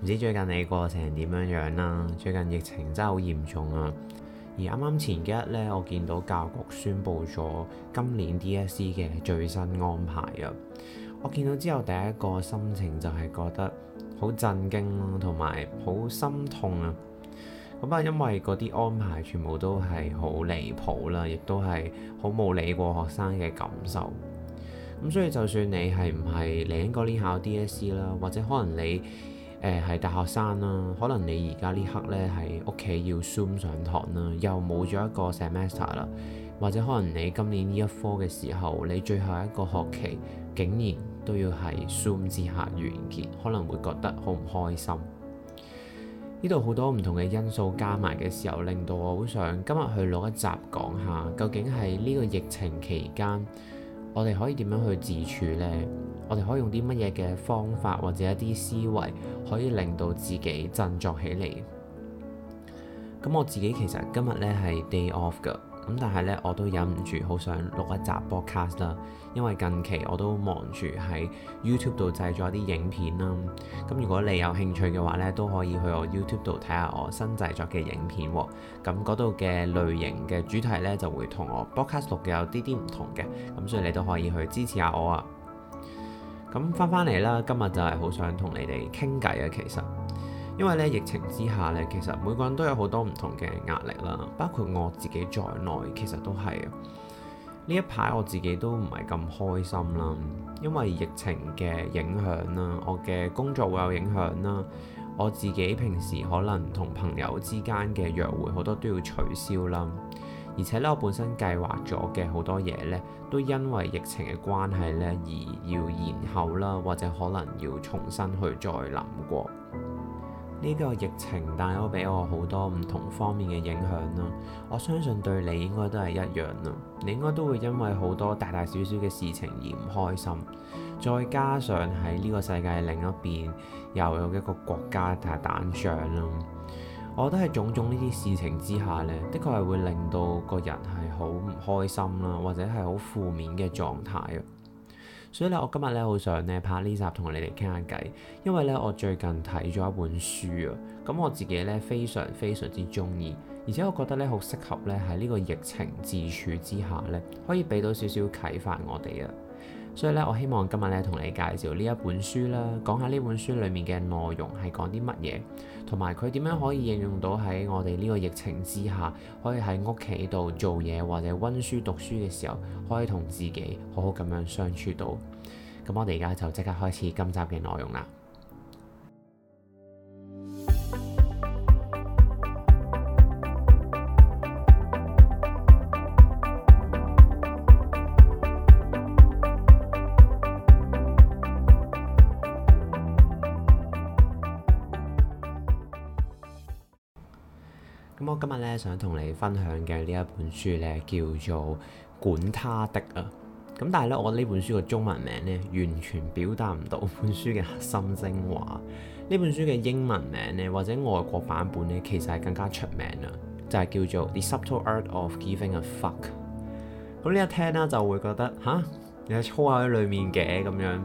唔知最近你個成點樣樣啦？最近疫情真係好嚴重啊！而啱啱前幾日呢，我見到教育局宣布咗今年 DSE 嘅最新安排啊！我見到之後，第一個心情就係覺得好震驚咯，同埋好心痛啊！咁啊，因為嗰啲安排全部都係好離譜啦，亦都係好冇理過學生嘅感受。咁所以，就算你係唔係嚟緊嗰年考 DSE 啦，或者可能你誒係、欸、大學生啦，可能你而家呢刻呢喺屋企要 Zoom 上堂啦，又冇咗一個 semester 啦，或者可能你今年呢一科嘅時候，你最後一個學期竟然都要係 Zoom 之下完結，可能會覺得好唔開心。呢度好多唔同嘅因素加埋嘅時候，令到我好想今日去錄一集講下，究竟係呢個疫情期間。我哋可以點樣去自處呢？我哋可以用啲乜嘢嘅方法或者一啲思維，可以令到自己振作起嚟？咁我自己其實今日咧係 day off 㗎。咁但係咧，我都忍唔住好想錄一集 podcast 啦，因為近期我都忙住喺 YouTube 度製作一啲影片啦。咁如果你有興趣嘅話咧，都可以去我 YouTube 度睇下我新製作嘅影片喎。咁嗰度嘅類型嘅主題咧，就會同我 podcast 錄嘅有啲啲唔同嘅，咁所以你都可以去支持下我啊。咁翻翻嚟啦，今日就係好想同你哋傾偈啊，其實～因為咧，疫情之下咧，其實每個人都有好多唔同嘅壓力啦，包括我自己在內，其實都係，呢一排我自己都唔係咁開心啦，因為疫情嘅影響啦，我嘅工作會有影響啦，我自己平時可能同朋友之間嘅約會好多都要取消啦，而且咧，我本身計劃咗嘅好多嘢咧，都因為疫情嘅關係咧而要延後啦，或者可能要重新去再諗過。呢個疫情帶咗俾我好多唔同方面嘅影響啦，我相信對你應該都係一樣啦。你應該都會因為好多大大小小嘅事情而唔開心，再加上喺呢個世界另一邊又有一個國家大彈仗啦。我覺得喺種種呢啲事情之下呢，的確係會令到個人係好唔開心啦，或者係好負面嘅狀態。所以咧，我今日咧好想咧拍呢集同你哋傾下偈，因為咧我最近睇咗一本書啊，咁我自己咧非常非常之中意，而且我覺得咧好適合咧喺呢個疫情自處之下咧，可以俾到少少啟發我哋啊。所以咧，我希望今日咧同你介紹呢一本書啦，講下呢本書裡面嘅內容係講啲乜嘢，同埋佢點樣可以應用到喺我哋呢個疫情之下，可以喺屋企度做嘢或者溫書讀書嘅時候，可以同自己好好咁樣相處到。咁我哋而家就即刻開始今集嘅內容啦。想同你分享嘅呢一本書咧，叫做《管他的》啊。咁但係呢，我呢本書嘅中文名咧，完全表達唔到本書嘅核心精華。呢本書嘅英文名呢，或者外國版本呢，其實係更加出名啊。就係、是、叫做《The Subtle Art of Giving a Fuck》。咁呢一聽咧，就會覺得吓，你有粗口喺裏面嘅咁樣。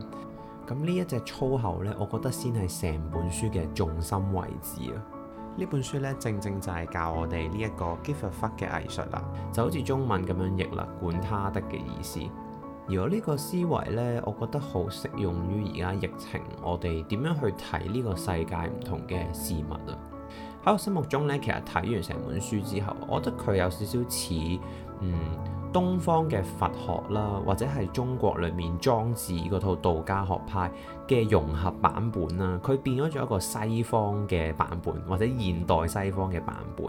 咁呢一隻粗口呢，我覺得先係成本書嘅重心位置啊。呢本書咧，正正就係教我哋呢一個 give a fuck 嘅藝術啦，就好似中文咁樣譯啦，管他的嘅意思。而我呢個思維呢，我覺得好適用於而家疫情，我哋點樣去睇呢個世界唔同嘅事物啊！喺我心目中咧，其實睇完成本書之後，我覺得佢有少少似嗯東方嘅佛學啦，或者係中國裡面莊子嗰套道家學派嘅融合版本啦。佢變咗咗一個西方嘅版本，或者現代西方嘅版本。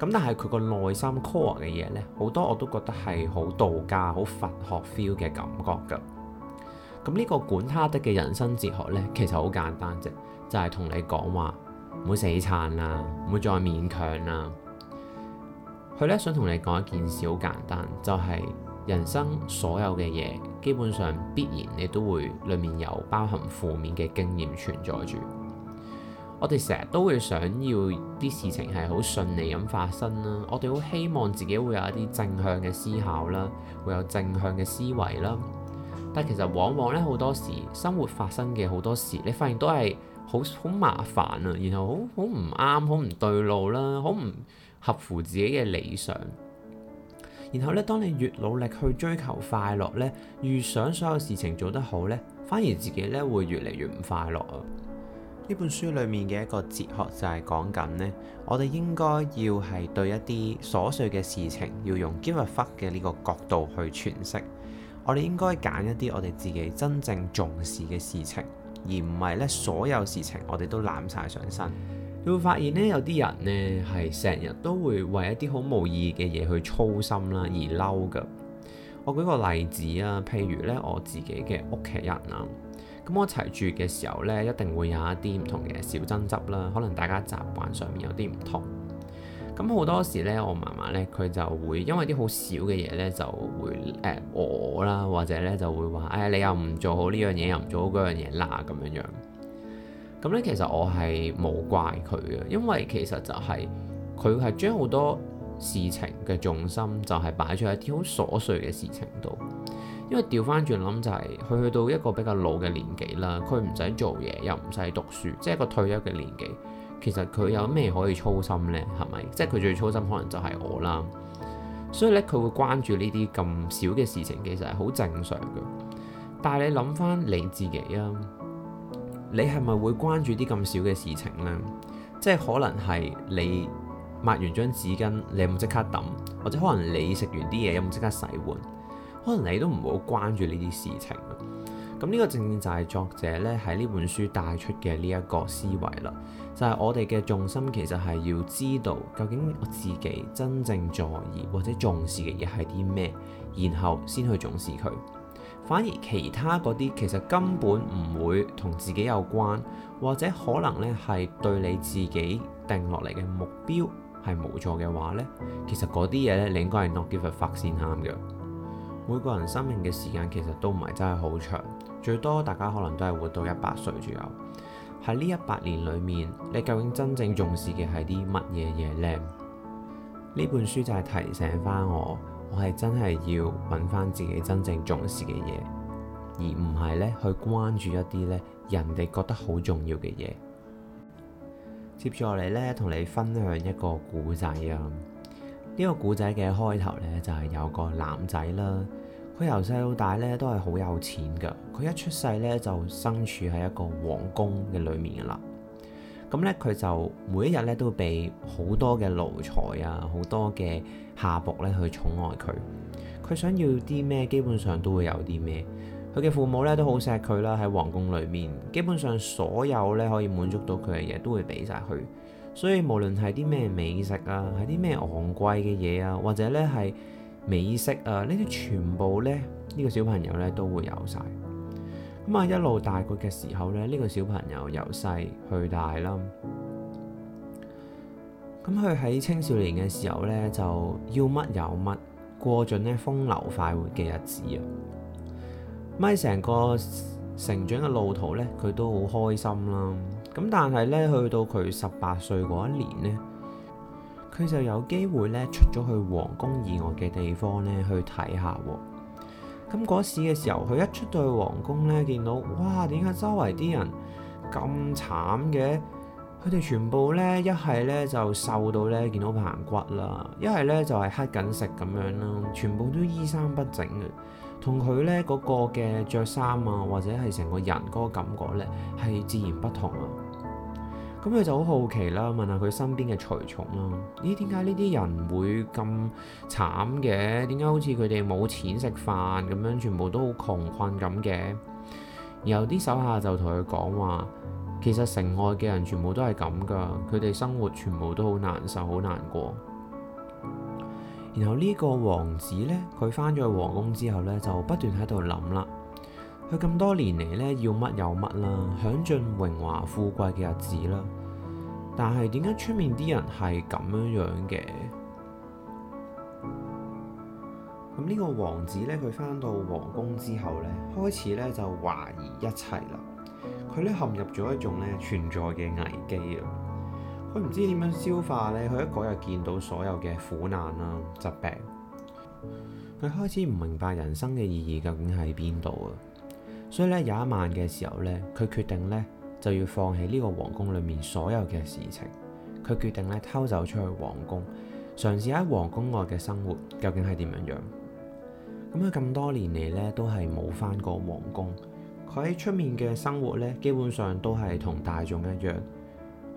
咁但係佢個內心 core 嘅嘢咧，好多我都覺得係好道家、好佛學 feel 嘅感覺㗎。咁呢個管他的嘅人生哲學咧，其實好簡單啫，就係同你講話。唔好死撐啦，唔好再勉強啦。佢咧想同你講一件事，好簡單，就係人生所有嘅嘢，基本上必然你都會裡面有包含負面嘅經驗存在住。我哋成日都會想要啲事情係好順利咁發生啦，我哋好希望自己會有一啲正向嘅思考啦，會有正向嘅思維啦。但其實往往咧好多時，生活發生嘅好多事，你發現都係。好好麻煩啊，然後好好唔啱，好唔對，對路啦，好唔合乎自己嘅理想。然後咧，當你越努力去追求快樂咧，預想所有事情做得好咧，反而自己咧會越嚟越唔快樂啊！呢本書裡面嘅一個哲學就係講緊呢：我哋應該要係對一啲瑣碎嘅事情要用 give a fuck 嘅呢個角度去詮釋。我哋應該揀一啲我哋自己真正重視嘅事情。而唔係咧，所有事情我哋都攬晒上身。你會發現咧，有啲人呢係成日都會為一啲好冇意義嘅嘢去操心啦，而嬲㗎。我舉個例子啊，譬如咧我自己嘅屋企人啊，咁我一齊住嘅時候呢，一定會有一啲唔同嘅小爭執啦。可能大家習慣上面有啲唔同。咁好多時咧，我嫲嫲咧佢就會因為啲好少嘅嘢咧就會誒、欸、我啦，或者咧就會話：誒、哎、你又唔做好呢樣嘢，又唔做好嗰樣嘢啦咁樣樣。咁、嗯、咧其實我係冇怪佢嘅，因為其實就係佢係將好多事情嘅重心就係擺在一啲好瑣碎嘅事情度。因為調翻轉諗就係佢去到一個比較老嘅年紀啦，佢唔使做嘢，又唔使讀書，即係一個退休嘅年紀。其實佢有咩可以操心呢？係咪？即係佢最操心可能就係我啦。所以咧，佢會關注呢啲咁少嘅事情，其實係好正常嘅。但係你諗翻你自己啊，你係咪會關注啲咁少嘅事情呢？即係可能係你抹完張紙巾，你有冇即刻抌？或者可能你食完啲嘢有冇即刻洗碗？可能你都唔會好關注呢啲事情。咁呢個正正就係作者咧喺呢本書帶出嘅呢一個思維啦，就係、是、我哋嘅重心其實係要知道究竟我自己真正在意或者重視嘅嘢係啲咩，然後先去重視佢。反而其他嗰啲其實根本唔會同自己有關，或者可能呢係對你自己定落嚟嘅目標係無助嘅話呢，其實嗰啲嘢呢，你應該係 not give a fuck 嘅。每個人生命嘅時間其實都唔係真係好長，最多大家可能都係活到一百歲左右。喺呢一百年裏面，你究竟真正重視嘅係啲乜嘢嘢呢？呢本書就係提醒翻我，我係真係要揾翻自己真正重視嘅嘢，而唔係呢去關注一啲呢人哋覺得好重要嘅嘢。接住落嚟呢，同你分享一個古仔啊！呢個故仔嘅開頭呢，就係有個男仔啦。佢由細到大呢，都係好有錢㗎。佢一出世呢，就身處喺一個皇宮嘅裏面啦。咁呢，佢就每一日呢，都畀好多嘅奴才啊、好多嘅下僕呢去寵愛佢。佢想要啲咩，基本上都會有啲咩。佢嘅父母呢，都好錫佢啦。喺皇宮裏面，基本上所有呢，可以滿足到佢嘅嘢，都會俾晒佢。所以無論係啲咩美食啊，係啲咩昂貴嘅嘢啊，或者呢係美式啊，呢啲全部呢，呢，呢個小朋友呢都會有晒。咁啊一路大個嘅時候呢，呢，呢個小朋友由細去大啦。咁佢喺青少年嘅時候呢，就要乜有乜，過盡呢風流快活嘅日子啊！咪成個成長嘅路途呢，佢都好開心啦～咁但係咧，去到佢十八歲嗰一年咧，佢就有機會咧出咗去皇宮以外嘅地方咧去睇下啊。咁嗰時嘅時候，佢一出到去皇宮咧，見到哇，點解周圍啲人咁慘嘅？佢哋全部咧一係咧就瘦到咧見到棚骨啦，一係咧就係乞緊食咁樣啦，全部都衣衫不整嘅，同佢咧嗰個嘅着衫啊，或者係成個人嗰個感覺咧，係自然不同啊。咁佢就好好奇啦，問下佢身邊嘅隨從啦。咦，點解呢啲人會咁慘嘅？點解好似佢哋冇錢食飯咁樣，全部都好窮困咁嘅？然後啲手下就同佢講話，其實城外嘅人全部都係咁㗎，佢哋生活全部都好難受，好難過。然後呢個王子呢，佢返咗去皇宮之後呢，就不斷喺度諗啦。佢咁多年嚟呢，要乜有乜啦，享盡榮華富貴嘅日子啦。但係，點解出面啲人係咁樣樣嘅？咁呢個王子呢，佢返到皇宮之後呢，開始呢就懷疑一切啦。佢呢陷入咗一種呢存在嘅危機啊。佢唔知點樣消化呢，佢一嗰日見到所有嘅苦難啊、疾病，佢開始唔明白人生嘅意義究竟喺邊度啊。所以咧，有一晚嘅時候咧，佢決定咧，就要放棄呢個皇宮裏面所有嘅事情。佢決定咧偷走出去皇宮，嘗試下皇宮外嘅生活究竟係點樣樣。咁喺咁多年嚟咧，都係冇翻過皇宮。佢喺出面嘅生活咧，基本上都係同大眾一樣，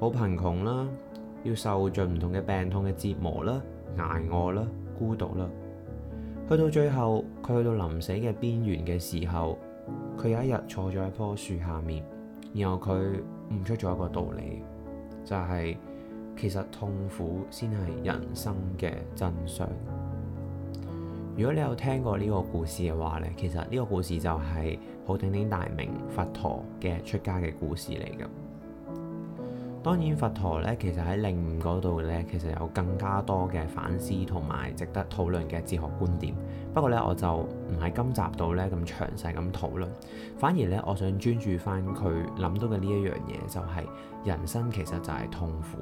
好貧窮啦，要受盡唔同嘅病痛嘅折磨啦，挨餓啦，孤獨啦。去到最後，佢去到臨死嘅邊緣嘅時候。佢有一日坐咗喺棵樹下面，然後佢悟出咗一個道理，就係、是、其實痛苦先係人生嘅真相。如果你有聽過呢個故事嘅話咧，其實呢個故事就係好鼎鼎大名佛陀嘅出家嘅故事嚟嘅。當然，佛陀咧其實喺領悟嗰度咧，其實有更加多嘅反思同埋值得討論嘅哲學觀點。不過咧，我就唔喺今集度咧咁詳細咁討論，反而咧，我想專注翻佢諗到嘅呢一樣嘢，就係人生其實就係痛苦。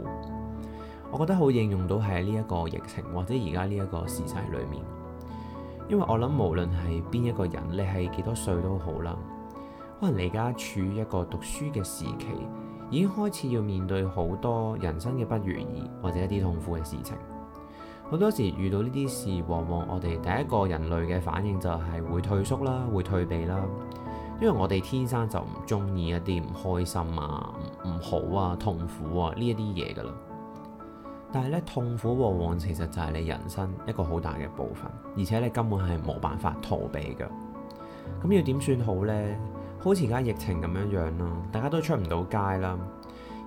我覺得好應用到喺呢一個疫情或者而家呢一個時勢裡面，因為我諗無論係邊一個人，你係幾多歲都好啦，可能你而家處於一個讀書嘅時期。已經開始要面對好多人生嘅不如意或者一啲痛苦嘅事情，好多時遇到呢啲事，往往我哋第一個人類嘅反應就係會退縮啦，會退避啦，因為我哋天生就唔中意一啲唔開心啊、唔好啊、痛苦啊呢一啲嘢噶啦。但係咧，痛苦往往其實就係你人生一個好大嘅部分，而且你根本係冇辦法逃避嘅。咁要點算好呢？好似而家疫情咁樣樣啦，大家都出唔到街啦。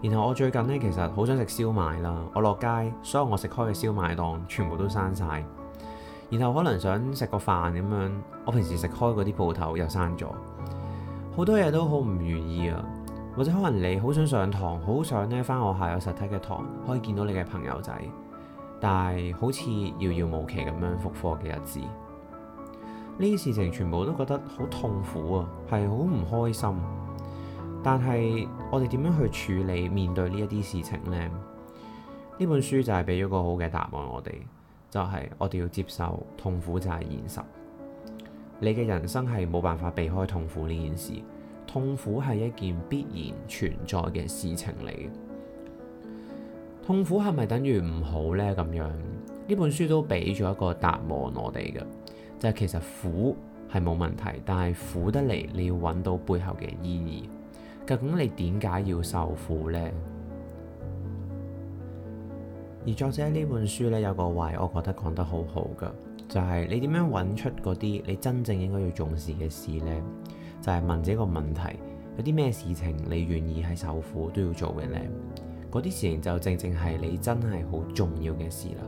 然後我最近呢，其實好想食燒賣啦，我落街所有我食開嘅燒賣檔全部都閂晒。然後可能想食個飯咁樣，我平時食開嗰啲鋪頭又閂咗，好多嘢都好唔如意啊。或者可能你好想上堂，好想呢返學校有實體嘅堂，可以見到你嘅朋友仔，但係好似遙遙無期咁樣復課嘅日子。呢啲事情全部都覺得好痛苦啊，係好唔開心。但係我哋點樣去處理面對呢一啲事情呢？呢本書就係俾咗個好嘅答案我，就係、我哋就係我哋要接受痛苦就係現實。你嘅人生係冇辦法避開痛苦呢件事，痛苦係一件必然存在嘅事情嚟。痛苦係咪等於唔好呢？咁樣呢本書都俾咗一個答案我哋嘅。就係其實苦係冇問題，但係苦得嚟你要揾到背後嘅意義。究竟你點解要受苦呢？而作者呢本書呢，有個話，我覺得講得好好嘅，就係你點樣揾出嗰啲你真正應該要重視嘅事呢？就係問自己個問題：有啲咩事情你願意喺受苦都要做嘅呢？嗰啲事情就正正係你真係好重要嘅事啦。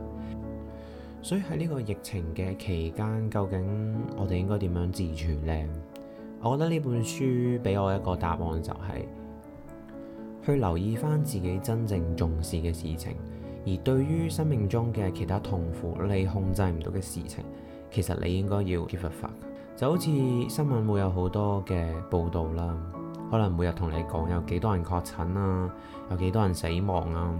所以喺呢個疫情嘅期間，究竟我哋應該點樣自處呢？我覺得呢本書俾我一個答案，就是，就係去留意翻自己真正重視嘅事情，而對於生命中嘅其他痛苦，你控制唔到嘅事情，其實你應該要 give up。就好似新聞會有好多嘅報道啦，可能每日同你講有幾多人確診啊，有幾多人死亡啊。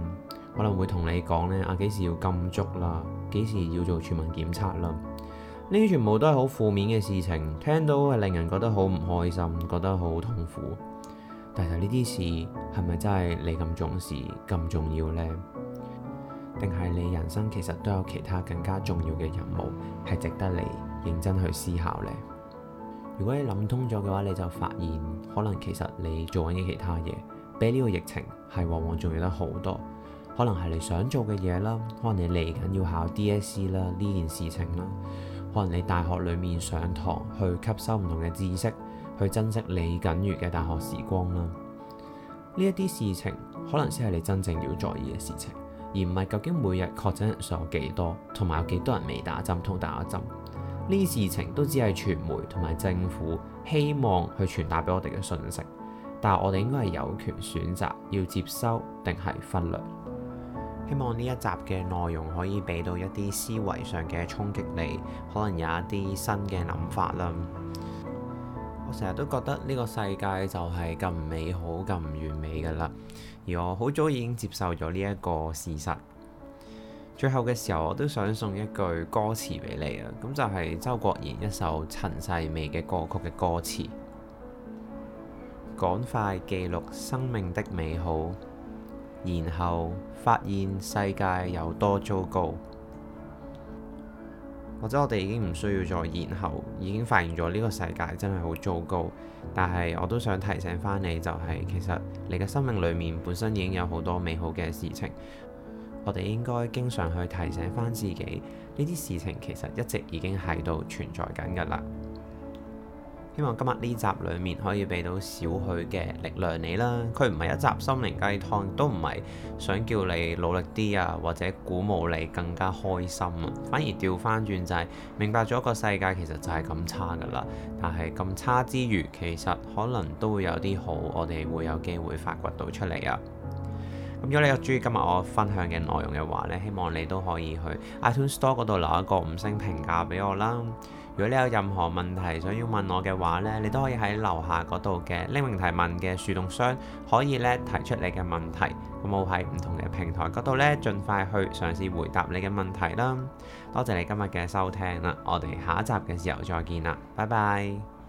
可能會同你講呢啊，幾時要禁足啦？幾時要做全民檢測啦？呢啲全部都係好負面嘅事情，聽到係令人覺得好唔開心，覺得好痛苦。但係呢啲事係咪真係你咁重視咁重要呢？定係你人生其實都有其他更加重要嘅任務係值得你認真去思考呢？如果你諗通咗嘅話，你就發現可能其實你做緊嘅其他嘢比呢個疫情係往往重要得好多。可能係你想做嘅嘢啦，可能你嚟緊要考 DSE 啦呢件事情啦，可能你大學裏面上堂去吸收唔同嘅知識，去珍惜你嚟緊餘嘅大學時光啦。呢一啲事情可能先係你真正要在意嘅事情，而唔係究竟每日確診人數有幾多，同埋有幾多人未打針、通打針。呢啲事情都只係傳媒同埋政府希望去傳達俾我哋嘅信息，但係我哋應該係有權選擇要接收定係忽略。希望呢一集嘅內容可以俾到一啲思維上嘅衝擊，你可能有一啲新嘅諗法啦。我成日都覺得呢個世界就係咁美好、咁完美噶啦，而我好早已經接受咗呢一個事實。最後嘅時候，我都想送一句歌詞俾你啊，咁就係周國賢一首陳世美嘅歌曲嘅歌詞：趕快記錄生命的美好。然後發現世界有多糟糕，或者我哋已經唔需要再然後，已經發現咗呢個世界真係好糟糕。但係我都想提醒返你，就是，就係其實你嘅生命裏面本身已經有好多美好嘅事情，我哋應該經常去提醒翻自己，呢啲事情其實一直已經喺度存在緊噶啦。希望今日呢集裏面可以俾到少許嘅力量你啦。佢唔係一集心靈雞湯，都唔係想叫你努力啲啊，或者鼓舞你更加開心啊。反而調翻轉就係，明白咗個世界其實就係咁差噶啦。但係咁差之餘，其實可能都會有啲好，我哋會有機會發掘到出嚟啊。咁如果你有中意今日我分享嘅內容嘅話呢，希望你都可以去 iTunes Store 度留一個五星評價俾我啦。如果你有任何問題想要問我嘅話呢，你都可以喺樓下嗰度嘅匿名提問嘅樹洞箱，可以呢提出你嘅問題，咁我喺唔同嘅平台嗰度呢，盡快去嘗試回答你嘅問題啦。多謝你今日嘅收聽啦，我哋下一集嘅時候再見啦，拜拜。